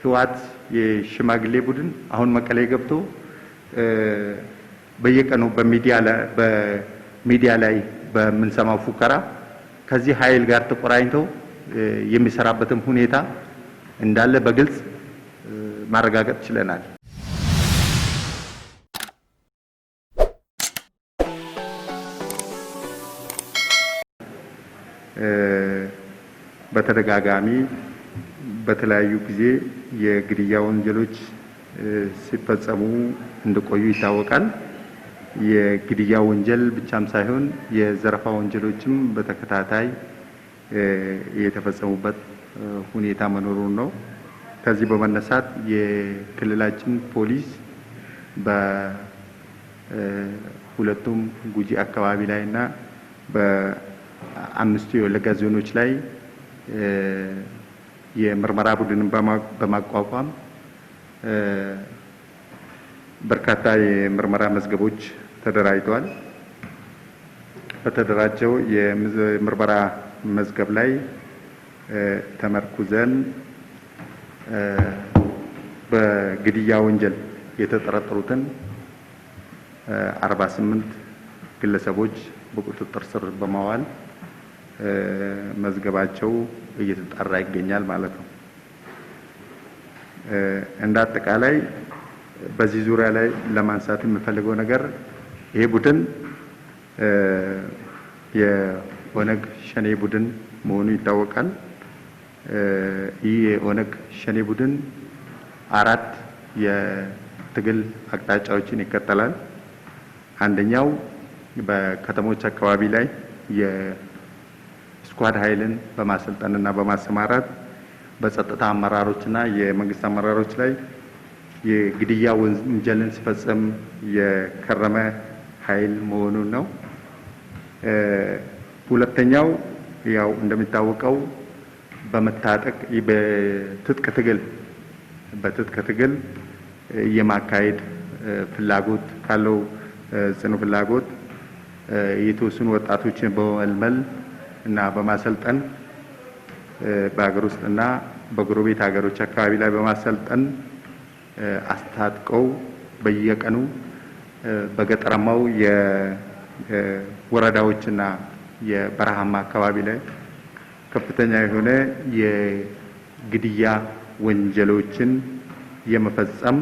ህወሓት የሽማግሌ ቡድን አሁን መቀሌ ገብቶ በየቀኑ በሚዲያ ላይ በምንሰማው ፉከራ ከዚህ ኃይል ጋር ተቆራኝተው የሚሰራበትም ሁኔታ እንዳለ በግልጽ ማረጋገጥ ችለናል። በተደጋጋሚ በተለያዩ ጊዜ የግድያ ወንጀሎች ሲፈጸሙ እንደቆዩ ይታወቃል። የግድያ ወንጀል ብቻም ሳይሆን የዘረፋ ወንጀሎችም በተከታታይ የተፈጸሙበት ሁኔታ መኖሩን ነው። ከዚህ በመነሳት የክልላችን ፖሊስ በሁለቱም ጉጂ አካባቢ ላይ እና በአምስቱ የወለጋ ዞኖች ላይ የምርመራ ቡድንን በማቋቋም በርካታ የምርመራ መዝገቦች ተደራጅተዋል። በተደራጀው የምርመራ መዝገብ ላይ ተመርኩዘን በግድያ ወንጀል የተጠረጠሩትን 48 ግለሰቦች በቁጥጥር ስር በማዋል መዝገባቸው እየተጣራ ይገኛል ማለት ነው። እንደ አጠቃላይ በዚህ ዙሪያ ላይ ለማንሳት የምፈልገው ነገር ይሄ ቡድን የኦነግ ሸኔ ቡድን መሆኑ ይታወቃል። ይህ የኦነግ ሸኔ ቡድን አራት የትግል አቅጣጫዎችን ይከተላል። አንደኛው በከተሞች አካባቢ ላይ ስኳድ ኃይልን በማሰልጠንና በማሰማራት በጸጥታ አመራሮችና የመንግስት አመራሮች ላይ የግድያ ወንጀልን ሲፈጽም የከረመ ኃይል መሆኑን ነው። ሁለተኛው ያው እንደሚታወቀው በመታጠቅ በትጥቅ ትግል በትጥቅ ትግል የማካሄድ ፍላጎት ካለው ጽኑ ፍላጎት የተወሰኑ ወጣቶችን በመመልመል እና በማሰልጠን በሀገር ውስጥ እና በጎረቤት ሀገሮች አካባቢ ላይ በማሰልጠን አስታጥቀው በየቀኑ በገጠራማው የወረዳዎችና የበረሃማ አካባቢ ላይ ከፍተኛ የሆነ የግድያ ወንጀሎችን የመፈጸም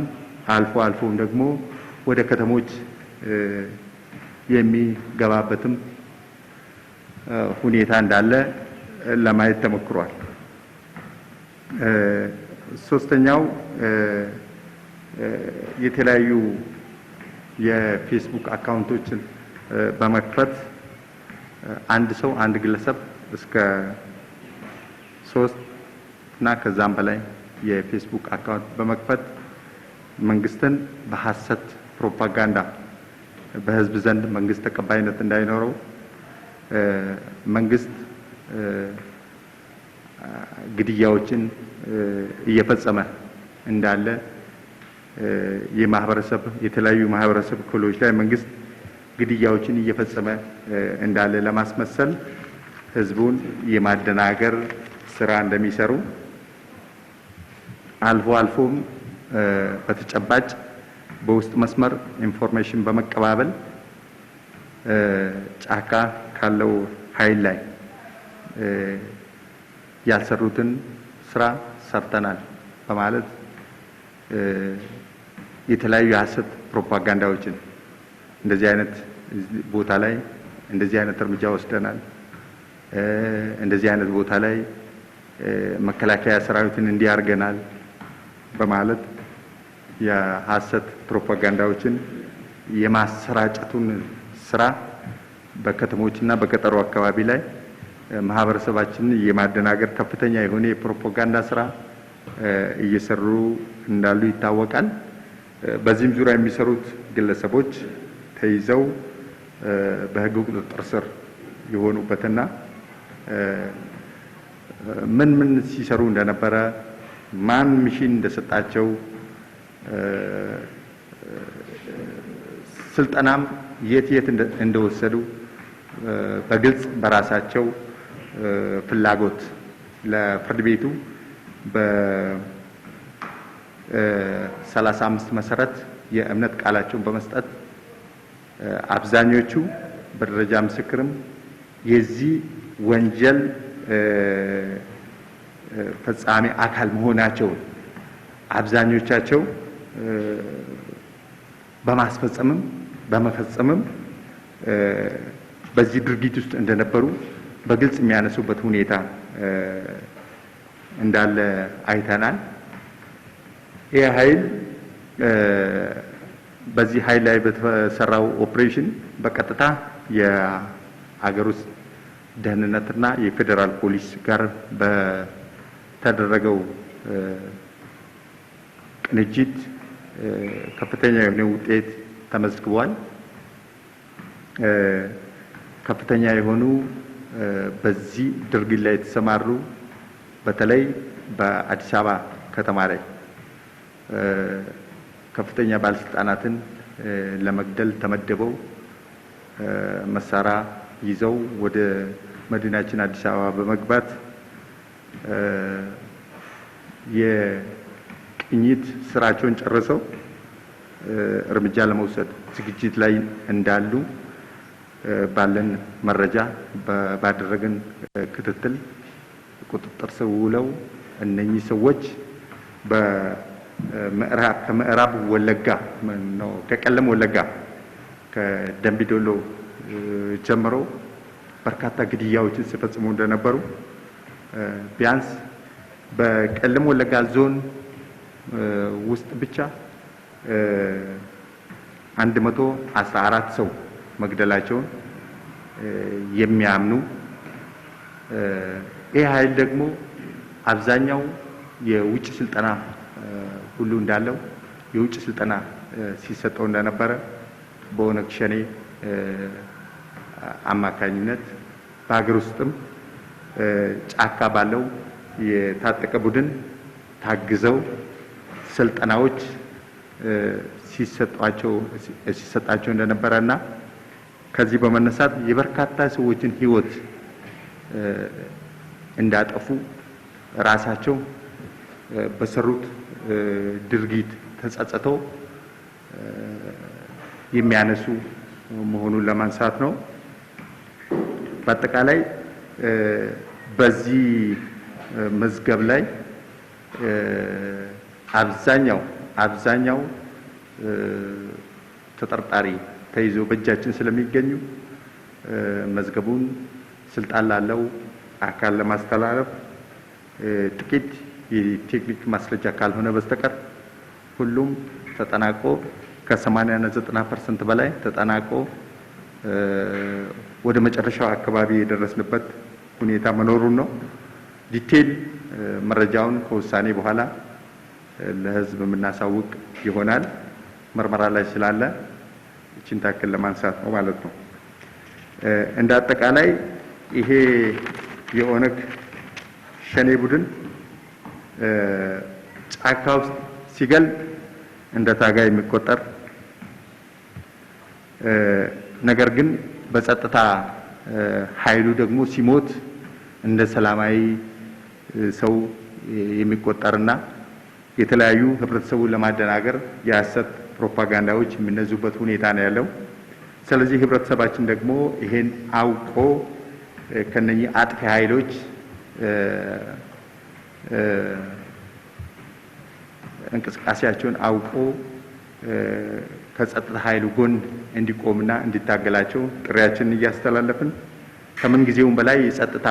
አልፎ አልፎም ደግሞ ወደ ከተሞች የሚገባበትም ሁኔታ እንዳለ ለማየት ተሞክሯል። ሶስተኛው የተለያዩ የፌስቡክ አካውንቶችን በመክፈት አንድ ሰው አንድ ግለሰብ እስከ ሶስት እና ከዛም በላይ የፌስቡክ አካውንት በመክፈት መንግስትን በሐሰት ፕሮፓጋንዳ በህዝብ ዘንድ መንግስት ተቀባይነት እንዳይኖረው መንግስት ግድያዎችን እየፈጸመ እንዳለ የማህበረሰብ የተለያዩ ማህበረሰብ ክፍሎች ላይ መንግስት ግድያዎችን እየፈጸመ እንዳለ ለማስመሰል ህዝቡን የማደናገር ስራ እንደሚሰሩ አልፎ አልፎም በተጨባጭ በውስጥ መስመር ኢንፎርሜሽን በመቀባበል ጫካ ካለው ኃይል ላይ ያልሰሩትን ስራ ሰርተናል በማለት የተለያዩ የሀሰት ፕሮፓጋንዳዎችን እንደዚህ አይነት ቦታ ላይ እንደዚህ አይነት እርምጃ ወስደናል፣ እንደዚህ አይነት ቦታ ላይ መከላከያ ሰራዊትን እንዲያርገናል በማለት የሀሰት ፕሮፓጋንዳዎችን የማሰራጨቱን ስራ በከተሞችና በገጠሩ አካባቢ ላይ ማህበረሰባችንን የማደናገር ከፍተኛ የሆነ የፕሮፓጋንዳ ስራ እየሰሩ እንዳሉ ይታወቃል። በዚህም ዙሪያ የሚሰሩት ግለሰቦች ተይዘው በህግ ቁጥጥር ስር የሆኑበትና ምን ምን ሲሰሩ እንደነበረ ማን ሚሽን እንደሰጣቸው ስልጠናም የት የት እንደወሰዱ በግልጽ በራሳቸው ፍላጎት ለፍርድ ቤቱ በሰላሳ አምስት መሰረት የእምነት ቃላቸውን በመስጠት አብዛኞቹ በደረጃ ምስክርም የዚህ ወንጀል ፈጻሚ አካል መሆናቸውን አብዛኞቻቸው በማስፈጸምም በመፈጸምም በዚህ ድርጊት ውስጥ እንደነበሩ በግልጽ የሚያነሱበት ሁኔታ እንዳለ አይተናል። ይህ ኃይል በዚህ ኃይል ላይ በተሰራው ኦፕሬሽን በቀጥታ የአገር ውስጥ ደህንነትና የፌዴራል ፖሊስ ጋር በተደረገው ቅንጅት ከፍተኛ የሆነ ውጤት ተመዝግቧል። ከፍተኛ የሆኑ በዚህ ድርጊት ላይ የተሰማሩ በተለይ በአዲስ አበባ ከተማ ላይ ከፍተኛ ባለስልጣናትን ለመግደል ተመደበው መሳሪያ ይዘው ወደ መዲናችን አዲስ አበባ በመግባት የቅኝት ስራቸውን ጨርሰው እርምጃ ለመውሰድ ዝግጅት ላይ እንዳሉ ባለን መረጃ ባደረግን ክትትል ቁጥጥር ስር ውለው እነኚህ ሰዎች በምዕራብ ከምዕራብ ወለጋ ነው ከቀለም ወለጋ ከደምቢዶሎ ጀምሮ በርካታ ግድያዎችን ሲፈጽሙ እንደነበሩ ቢያንስ በቀለም ወለጋ ዞን ውስጥ ብቻ አንድ መቶ አስራ አራት ሰው መግደላቸውን የሚያምኑ ይህ ኃይል ደግሞ አብዛኛው የውጭ ስልጠና ሁሉ እንዳለው የውጭ ስልጠና ሲሰጠው እንደነበረ በኦነግ ሸኔ አማካኝነት በሀገር ውስጥም ጫካ ባለው የታጠቀ ቡድን ታግዘው ስልጠናዎች ሲሰጣቸው እንደነበረ እና ከዚህ በመነሳት የበርካታ ሰዎችን ህይወት እንዳጠፉ ራሳቸው በሰሩት ድርጊት ተጸጽተው የሚያነሱ መሆኑን ለማንሳት ነው። በአጠቃላይ በዚህ መዝገብ ላይ አብዛኛው አብዛኛው ተጠርጣሪ ተይዘው በእጃችን ስለሚገኙ መዝገቡን ስልጣን ላለው አካል ለማስተላለፍ ጥቂት የቴክኒክ ማስረጃ ካልሆነ በስተቀር ሁሉም ተጠናቆ ከሰማንያ እና ዘጠና ፐርሰንት በላይ ተጠናቆ ወደ መጨረሻው አካባቢ የደረስንበት ሁኔታ መኖሩን ነው። ዲቴል መረጃውን ከውሳኔ በኋላ ለህዝብ የምናሳውቅ ይሆናል። ምርመራ ላይ ስላለ ይችን ታክል ለማንሳት ነው ማለት ነው። እንደ አጠቃላይ ይሄ የኦነግ ሸኔ ቡድን ጫካ ውስጥ ሲገል እንደ ታጋይ የሚቆጠር ነገር ግን በጸጥታ ኃይሉ ደግሞ ሲሞት እንደ ሰላማዊ ሰው የሚቆጠርና የተለያዩ ህብረተሰቡን ለማደናገር የሐሰት ፕሮፓጋንዳዎች የሚነዙበት ሁኔታ ነው ያለው። ስለዚህ ህብረተሰባችን ደግሞ ይሄን አውቆ ከነኚህ አጥፊ ኃይሎች እንቅስቃሴያቸውን አውቆ ከጸጥታ ኃይሉ ጎን እንዲቆምና እንዲታገላቸው ጥሪያችንን እያስተላለፍን ከምን ጊዜውም በላይ የጸጥታ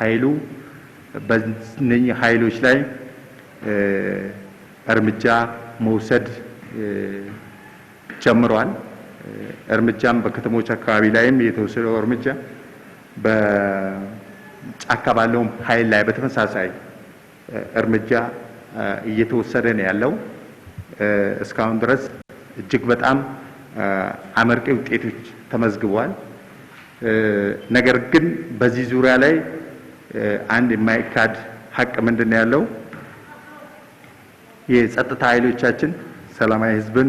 ኃይሉ በነኚህ ኃይሎች ላይ እርምጃ መውሰድ ጀምሯል። እርምጃም በከተሞች አካባቢ ላይም የተወሰደው እርምጃ በጫካ ባለውም ኃይል ላይ በተመሳሳይ እርምጃ እየተወሰደ ነው ያለው። እስካሁን ድረስ እጅግ በጣም አመርቂ ውጤቶች ተመዝግቧል። ነገር ግን በዚህ ዙሪያ ላይ አንድ የማይካድ ሀቅ ምንድን ነው ያለው የጸጥታ ኃይሎቻችን ሰላማዊ ህዝብን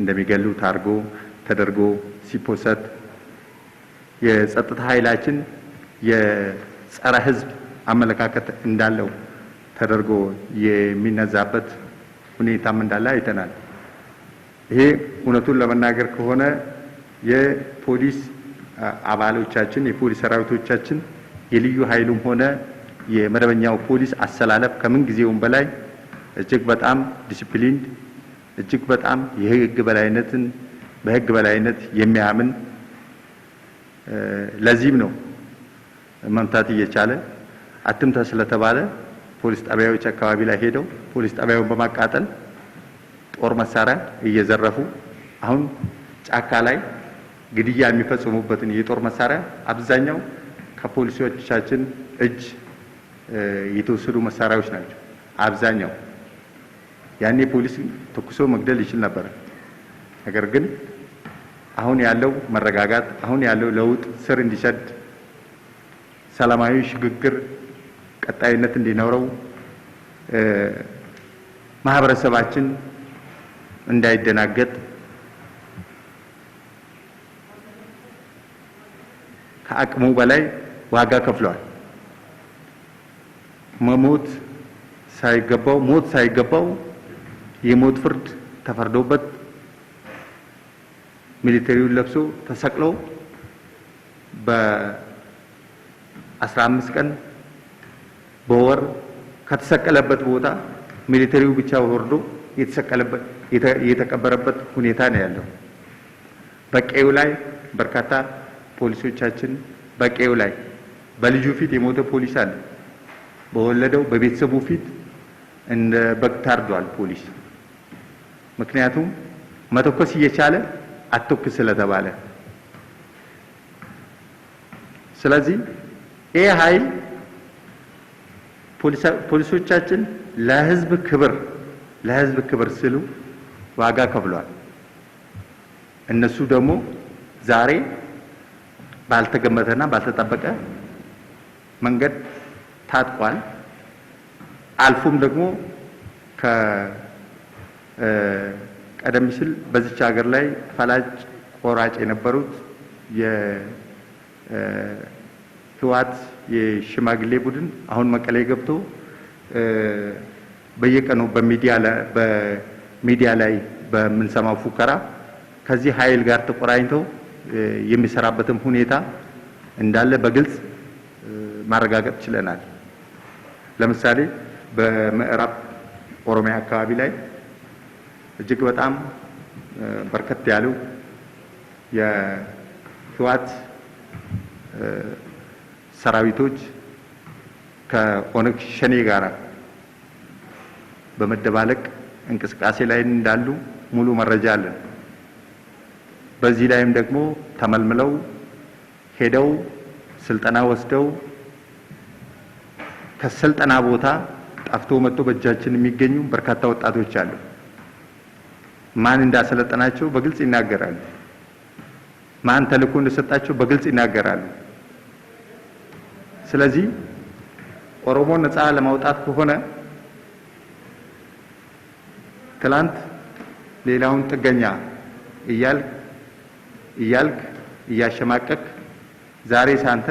እንደሚገሉ ታርጎ ተደርጎ ሲፖሰት የጸጥታ ኃይላችን የጸረ ህዝብ አመለካከት እንዳለው ተደርጎ የሚነዛበት ሁኔታም እንዳለ አይተናል። ይሄ እውነቱን ለመናገር ከሆነ የፖሊስ አባሎቻችን የፖሊስ ሰራዊቶቻችን የልዩ ኃይሉም ሆነ የመደበኛው ፖሊስ አሰላለፍ ከምን ጊዜውም በላይ እጅግ በጣም ዲሲፕሊንድ እጅግ በጣም የህግ በላይነትን በህግ በላይነት የሚያምን ለዚህም ነው መምታት እየቻለ አትምተ ስለተባለ ፖሊስ ጣቢያዎች አካባቢ ላይ ሄደው ፖሊስ ጣቢያውን በማቃጠል ጦር መሳሪያ እየዘረፉ አሁን ጫካ ላይ ግድያ የሚፈጽሙበትን የጦር መሳሪያ አብዛኛው ከፖሊሶቻችን እጅ የተወሰዱ መሳሪያዎች ናቸው አብዛኛው ያኔ ፖሊስ ተኩሶ መግደል ይችል ነበር። ነገር ግን አሁን ያለው መረጋጋት፣ አሁን ያለው ለውጥ ስር እንዲሰድ ሰላማዊ ሽግግር ቀጣይነት እንዲኖረው ማህበረሰባችን እንዳይደናገጥ ከአቅሙ በላይ ዋጋ ከፍሏል። መሞት ሳይገባው ሞት ሳይገባው የሞት ፍርድ ተፈርዶበት ሚሊተሪውን ለብሶ ተሰቅሎ በአስራ አምስት ቀን በወር ከተሰቀለበት ቦታ ሚሊተሪው ብቻ ወርዶ የተሰቀለበት የተቀበረበት ሁኔታ ነው ያለው። በቀዩ ላይ በርካታ ፖሊሶቻችን በቀዩ ላይ በልጁ ፊት የሞተ ፖሊስ አለ። በወለደው በቤተሰቡ ፊት እንደ በግ ታርዷል ፖሊስ። ምክንያቱም መተኮስ እየቻለ አትኩስ ስለተባለ። ስለዚህ ይህ ኃይል ፖሊሶቻችን ለህዝብ ክብር ለህዝብ ክብር ስሉ ዋጋ ከፍሏል። እነሱ ደግሞ ዛሬ ባልተገመተና ባልተጠበቀ መንገድ ታጥቋል። አልፎም ደግሞ ቀደም ሲል በዚች ሀገር ላይ ፈላጭ ቆራጭ የነበሩት የህወሓት የሽማግሌ ቡድን አሁን መቀሌ ገብቶ በየቀኑ በሚዲያ ላይ በምንሰማው ፉከራ ከዚህ ኃይል ጋር ተቆራኝተው የሚሰራበትም ሁኔታ እንዳለ በግልጽ ማረጋገጥ ችለናል። ለምሳሌ በምዕራብ ኦሮሚያ አካባቢ ላይ እጅግ በጣም በርከት ያሉ የህወሓት ሰራዊቶች ከኦነግ ሸኔ ጋር በመደባለቅ እንቅስቃሴ ላይ እንዳሉ ሙሉ መረጃ አለን። በዚህ ላይም ደግሞ ተመልምለው ሄደው ስልጠና ወስደው ከስልጠና ቦታ ጠፍቶ መጥቶ በእጃችን የሚገኙ በርካታ ወጣቶች አሉ። ማን እንዳሰለጠናቸው በግልጽ ይናገራሉ። ማን ተልእኮ እንደሰጣቸው በግልጽ ይናገራሉ። ስለዚህ ኦሮሞ ነፃ ለማውጣት ከሆነ ትላንት ሌላውን ጥገኛ እያልክ እያልክ እያሸማቀቅ ዛሬ ሳንተ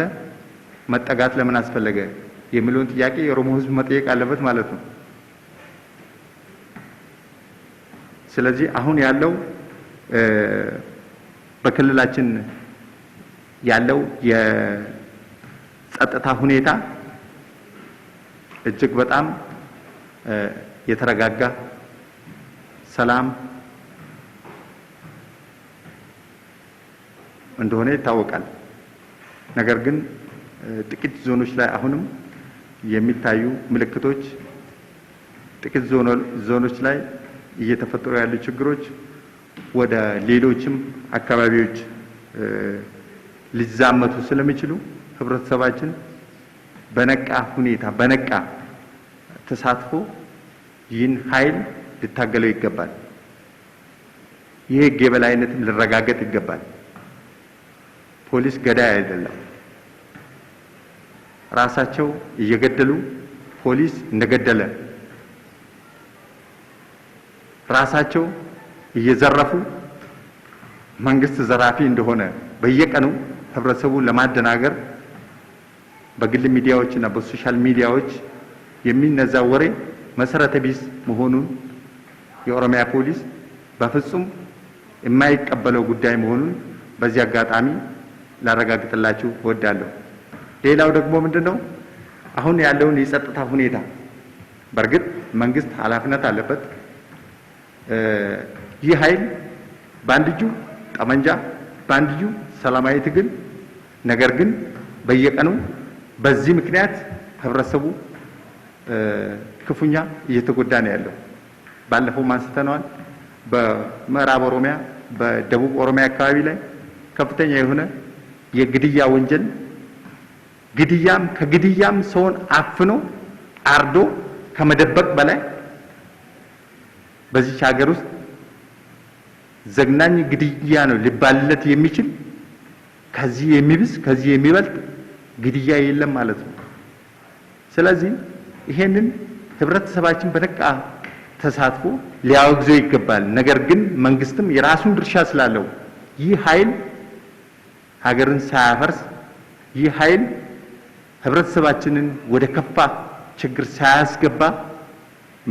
መጠጋት ለምን አስፈለገ የሚለውን ጥያቄ የኦሮሞ ሕዝብ መጠየቅ አለበት ማለት ነው። ስለዚህ አሁን ያለው በክልላችን ያለው የጸጥታ ሁኔታ እጅግ በጣም የተረጋጋ ሰላም እንደሆነ ይታወቃል። ነገር ግን ጥቂት ዞኖች ላይ አሁንም የሚታዩ ምልክቶች ጥቂት ዞኖች ላይ እየተፈጠሩ ያሉ ችግሮች ወደ ሌሎችም አካባቢዎች ሊዛመቱ ስለሚችሉ ህብረተሰባችን በነቃ ሁኔታ በነቃ ተሳትፎ ይህን ኃይል ሊታገለው ይገባል። የህግ የበላይነትም ሊረጋገጥ ይገባል። ፖሊስ ገዳይ አይደለም። ራሳቸው እየገደሉ ፖሊስ እንደገደለ ራሳቸው እየዘረፉ መንግስት ዘራፊ እንደሆነ በየቀኑ ህብረተሰቡ ለማደናገር በግል ሚዲያዎች እና በሶሻል ሚዲያዎች የሚነዛ ወሬ መሰረተ ቢስ መሆኑን የኦሮሚያ ፖሊስ በፍጹም የማይቀበለው ጉዳይ መሆኑን በዚህ አጋጣሚ ላረጋግጥላችሁ እወዳለሁ። ሌላው ደግሞ ምንድን ነው አሁን ያለውን የጸጥታ ሁኔታ በእርግጥ መንግስት ኃላፊነት አለበት። ይህ ኃይል በአንድ እጁ ጠመንጃ በአንድ እጁ ሰላማዊ ትግል ነገር ግን በየቀኑ በዚህ ምክንያት ህብረተሰቡ ክፉኛ እየተጎዳ ነው ያለው። ባለፈው አንስተነዋል። በምዕራብ ኦሮሚያ፣ በደቡብ ኦሮሚያ አካባቢ ላይ ከፍተኛ የሆነ የግድያ ወንጀል ግድያም ከግድያም ሰውን አፍኖ አርዶ ከመደበቅ በላይ በዚች ሀገር ውስጥ ዘግናኝ ግድያ ነው ሊባልለት የሚችል ከዚህ የሚብስ ከዚህ የሚበልጥ ግድያ የለም ማለት ነው። ስለዚህ ይሄንን ህብረተሰባችን በነቃ ተሳትፎ ሊያወግዘው ይገባል። ነገር ግን መንግስትም የራሱን ድርሻ ስላለው ይህ ኃይል ሀገርን ሳያፈርስ ይህ ኃይል ህብረተሰባችንን ወደ ከፋ ችግር ሳያስገባ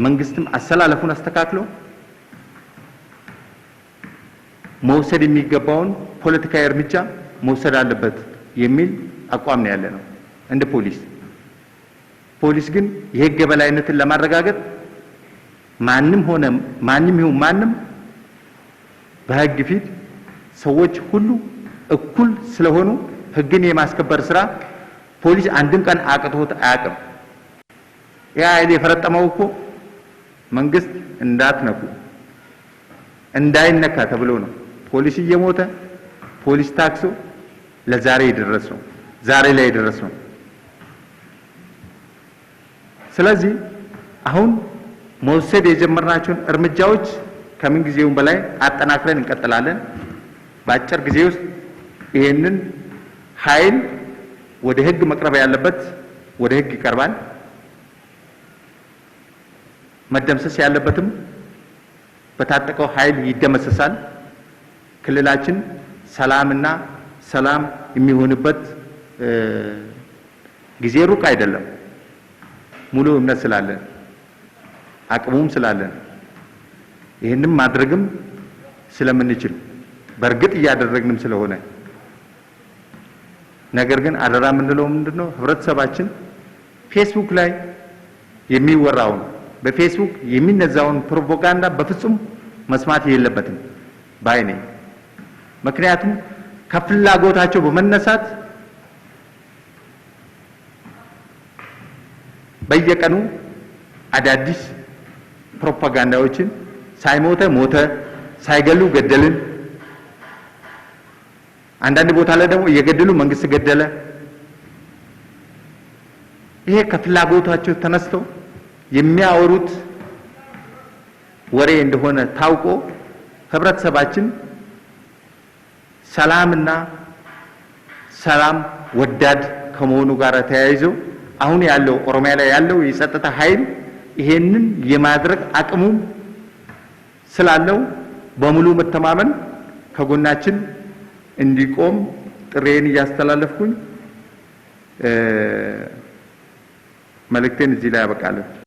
መንግስትም አሰላለፉን አስተካክሎ መውሰድ የሚገባውን ፖለቲካዊ እርምጃ መውሰድ አለበት የሚል አቋም ነው ያለ ነው እንደ ፖሊስ። ፖሊስ ግን የህግ የበላይነትን ለማረጋገጥ ማንም ሆነ ማንም ይሁን ማንም በህግ ፊት ሰዎች ሁሉ እኩል ስለሆኑ ህግን የማስከበር ስራ ፖሊስ አንድም ቀን አቅቶት አያውቅም። ያ የፈረጠመው እኮ መንግስት እንዳትነኩ እንዳይነካ ተብሎ ነው። ፖሊስ እየሞተ ፖሊስ ታክሶ ለዛሬ የደረሰው ዛሬ ላይ የደረሰው። ስለዚህ አሁን መውሰድ የጀመርናቸውን እርምጃዎች ከምን ጊዜውም በላይ አጠናክረን እንቀጥላለን። በአጭር ጊዜ ውስጥ ይሄንን ኃይል ወደ ህግ መቅረብ ያለበት ወደ ህግ ይቀርባል። መደምሰስ ያለበትም በታጠቀው ኃይል ይደመሰሳል። ክልላችን ሰላምና ሰላም የሚሆንበት ጊዜ ሩቅ አይደለም። ሙሉ እምነት ስላለን አቅሙም ስላለን ይህንም ማድረግም ስለምንችል በእርግጥ እያደረግንም ስለሆነ ነገር ግን አደራ የምንለው ምንድን ነው? ህብረተሰባችን ፌስቡክ ላይ የሚወራውን በፌስቡክ የሚነዛውን ፕሮፓጋንዳ በፍጹም መስማት የለበትም ባይ ነኝ። ምክንያቱም ከፍላጎታቸው በመነሳት በየቀኑ አዳዲስ ፕሮፓጋንዳዎችን ሳይሞተ ሞተ፣ ሳይገሉ ገደልን፣ አንዳንድ ቦታ ላይ ደግሞ እየገደሉ መንግስት ገደለ። ይሄ ከፍላጎታቸው ተነስተው የሚያወሩት ወሬ እንደሆነ ታውቆ ህብረተሰባችን ሰላምና ሰላም ወዳድ ከመሆኑ ጋር ተያይዞ አሁን ያለው ኦሮሚያ ላይ ያለው የጸጥታ ኃይል ይሄንን የማድረግ አቅሙ ስላለው በሙሉ መተማመን ከጎናችን እንዲቆም ጥሬን እያስተላለፍኩኝ መልእክቴን እዚህ ላይ ያበቃለሁ።